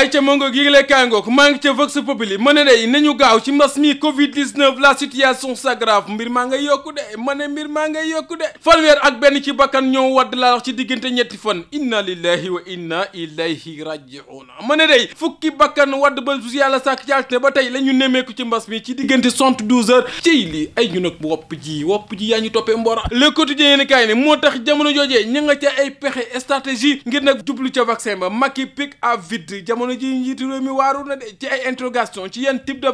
ay ca mangoog yëgle kaay ngoog maa ngi ca vox populi ma ne day nañu gaaw ci mbas mi covid 19 la situation s'aggrave mbir maa nga yokku de ma ne mbir maa nga yokku de fanweer ak benn ci bakkan ñoo wadd laa wax ci diggante ñetti fan inna lillahi wa inna ilayhi rajiuna ma ne day fukki bakkan wadd ba su yàlla sàkk ci altine ba tey la ñu nemmeeku ci mbas mi ci diggante 72 heures ciy lii ay ñu nag wopp ji wopp ji yaa ñu toppee mbora le quotidien yéen moo tax jamono joojee ña nga ca ay pexe stratégie ngir nag jublu ca vaccin ba Macky pic à vide jamono ji njiitu réew mi ci ay interrogation ci yan type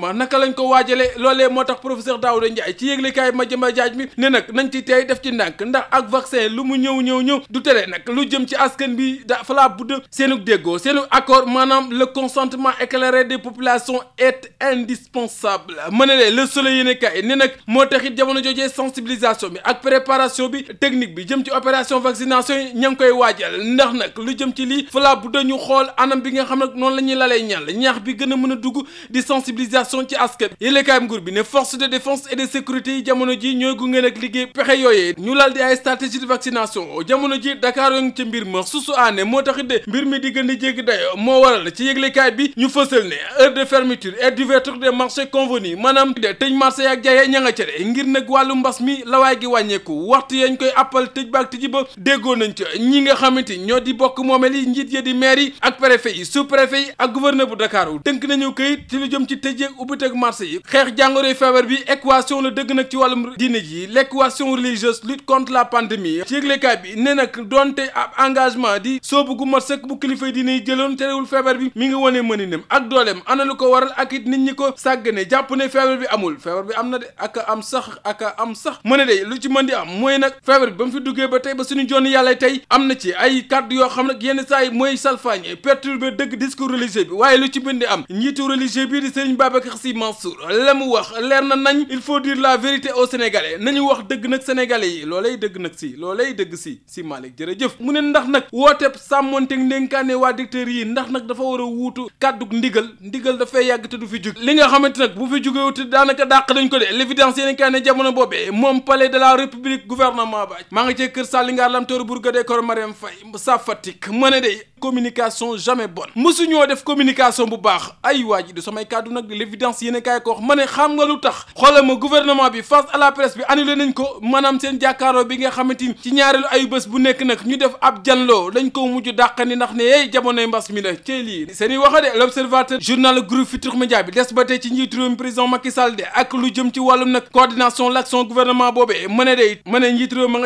ma naka lañ ko waajale loolee moo tax professeur Daouda Ndiaye ci yëglekaay ma jëma jaaj mi ne nag nañ ci tey def ci ndànk ndax ak vaccin lu mu ñëw ñëw ñëw du tere nag lu jëm ci askan bi da falaa budd seenug déggoo seenug accord maanaam le consentement éclairé des populations est indispensable ma ne lee le soleil yéenekaay ne nag moo tax it jamono joojee sensibilisation bi ak préparation bi technique bi jëm ci opération vaccination yi ña ngi koy waajal ndax nag lu jëm ci lii falaa budd ñu xool anam bi nga xam nag noonu la ñuy lalee ñàll ñaax bi gën a mën a dugg di sensibilisation ci askan yëlekaayam nguur bi ne force de défense et de sécurité yi jamono ji ñooy gunge nag liggéey pexe yooyee ñu lal di ay stratégie de vaccination jamono ji Dakar yo ngi ca mbir ma susu aane moo taxit de mbir mi di gën di jéggi dayo moo waral ci yëglekaay bi ñu fësal ne heure de fermeture et d'ouverture des marchés convenus maanaam de tëj marché ak jaayee ña nga ca de ngir nag wàllu mbas mi lawaay gi wàññeeku waxtu yañ koy appal tëj baak tëji ba déggoo nañ ca ñi nga xamante ñoo di bokk moomeel yi njiit ya di maire ak préfet yi su préfet yi ak gouverneur bu Dakar dënk nañu këyit ci lu jëm ci tëjeeg ubbite ak marché yi xeex jàngoroy feebar bi équation la dëgg nag ci wàllum diine ji l' équation religieuse lutte contre la pandémie ci yëglekaay bi ne nag donte ab engagement di soobu gu mat sëkk bu kilifa diine yi jëloon terewul feebar bi mi ngi wone mëninam ak dooleem ana lu ko waral ak it nit ñi ko sàggane jàpp ne feebar bi amul feebar bi am na de ak am sax ak am sax mën a de lu ci mën di am mooy nag feebar bi ba duggee ba tey ba suñu jonn yàlla tey am na ci ay kàddu yoo xam nag yenn saa yi mooy salfaañ perturber dëgg discours religieux bi waaye lu ci mën di am njiitu religieux bi di sëriñ Babacar Sy Mansour la mu wax leer na nañ il faut dire la vérité aux Sénégalais nañu wax dëgg nag Sénégalais yi loolay dëgg nag si loolay dëgg si si Malick jërëjëf mu ne ndax nag sàmmoon sàmmonteeg ndénkaane waa dicteurs yi ndax nag dafa war a wuutu kàddug ndigal ndigal dafay yàgg te du fi jug li nga xamante nag bu fi jugewut daanaka dàq dañ ko de l'évidence yéen kaa jamono boobee moom palais de la république gouvernement ba maa nga cee kër Saly Ngar Lam Tour Bourg Décor Mariam Faye sa Fatick ma ne de communication jamais bonne mësuñoo def communication bu baax ay waa ji du samay kàddu nag l'évidence yéen a kaay ko wax ma ne xam nga lu tax xoolal ma gouvernement bi face à la presse bi annulé nañ ko maanaam seen jàkkaaroo bi nga xamante ni ci ñaareelu ay bés bu nekk nag ñu def ab janloo dañ ko mujj dàqani ndax ne yey jamonoy mbas mi la tey lii seen i waxa de l'observateur journal groupe Futurs Médias ba tey ci njiitu réew mi président Macky Sall de ak lu jëm ci wàllum nag coordination l'action gouvernement boobee ma ne de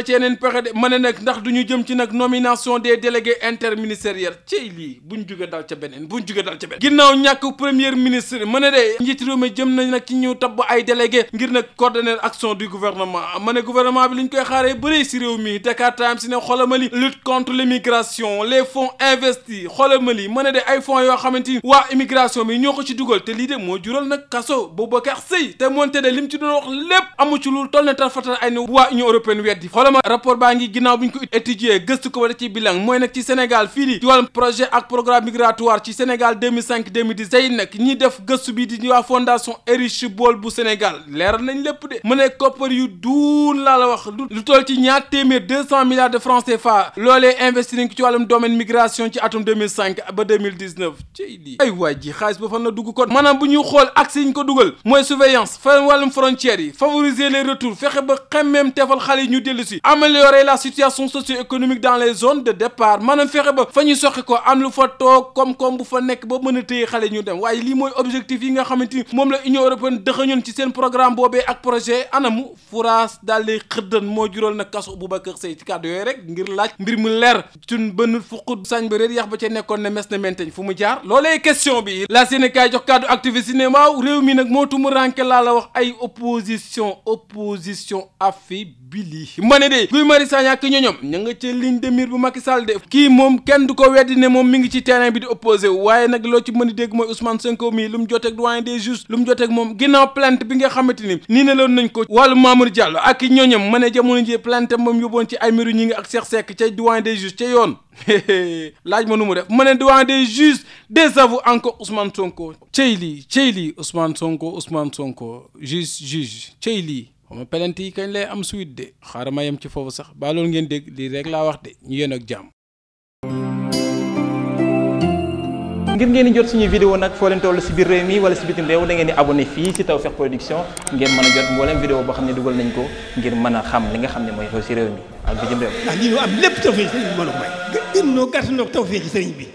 ci yeneen pexe de ma ne nag ndax du carrière cey lii buñ jóge dal ca beneen buñ jóge dal ca beneen ginnaaw ñàkk premier ministre ma ne de njiitu réew mi jëm nañ nag ci ñu tabb ay délégué ngir nag coordonner action du gouvernement ma ne gouvernement bi ñu koy xaaree bëri si réew mi Dakar Times si ne xoolamali lutte contre l'immigration les fonds investis xoolamali ma ne de ay fonds yoo xamante ni waa immigration bi ñoo ko ci dugal te lii de moo jural nag kaso Boubacar Sèye te moonte de lim ci doon wax lépp amu ci lu toll ne tar fatal ay ne waa union européenne weddi xoolama rapport baa ngi ginnaaw bi ñu ko étudier gëstu ko wala ci bilan mooy nag ci Sénégal fii di wàllum projet ak programme migratoire ci Sénégal 2005 2010 tey nag ñi def gëstu bi di waa fondation Erich Bol bu Sénégal leeral nañ lépp de mu ne yu duun laa la wax lu toll ci ñaar téeméer milliards de francs CFA loolee investir ci wàllum domaine migration ci atum ba 2019 cey lii ay xaalis ba fan la dugg kon maanaam bu ñuy xool accès yi ko dugal mooy surveillance fa wàllum frontières yi favoriser les retours fexe ba xemmeem teefal xale yi ñu dellu soqi ko am lu fa toog koom-koom bu fa nekk ba mën a téye xale ñu dem waaye lii mooy objectif yi nga xamante ni moom la union européenne dëxañoon ci seen programme boobee ak projet anamu furaas daal di xëddan moo jural nag kasu Boubacar Seye ci kàddu yooyu rek ngir laaj mbir mu leer cun bënn fuqut sañ ba réer yax ba ca nekkoon ne mes na menteñ fu mu jaar loolee question bi la Sénégal jox kàddu ne cinéma réew mi nag moo tumu ranke laa la wax ay opposition opposition affi bili ma ne de Guy Marius Sagna ak ñoñom ña nga ca de mire bu Macky Sall kii moom kenn du ko weddi ne moom mi ngi ci terrain bi di opposé wu waaye nag loo ci mën a dégg mooy Ousmane Sonko mii lu mu joteeg doyen des juges lu mu joteeg moom ginnaaw plainte bi nga xamante ni nii ne loon nañ ko wàllu Mamour Diallo ak ñoñom ma ne jamono ji plainte moom yóbboon ci ay miru ñi ngi ak Cheikh Seck ca doyen des juges ca yoon laaj ma nu mu def ma ne doyen de juges désavoue encore Ousmane Sonko cey lii cey lii Ousmane Sonko Ousmane Sonko juge juge cey lii xawma pelante yi kañ lay am suite de ma yem ci foofu sax baa loolu ngeen dégg lii rek laa wax de ñu yéen ak jàmm. ngir ngeen di jot suñu vidéo nag foo leen toll si biir réew mi wala si biti réew da ngeen di abonné fii si Tawfekh Production ngeen mën a jot mboolem vidéo boo xam ne dugal nañ ko ngir mën a xam li nga xam ne mooy xew si réew mi ak bitim réew. ndax lii am lépp Tawfekh sëriñ sëriñ bi.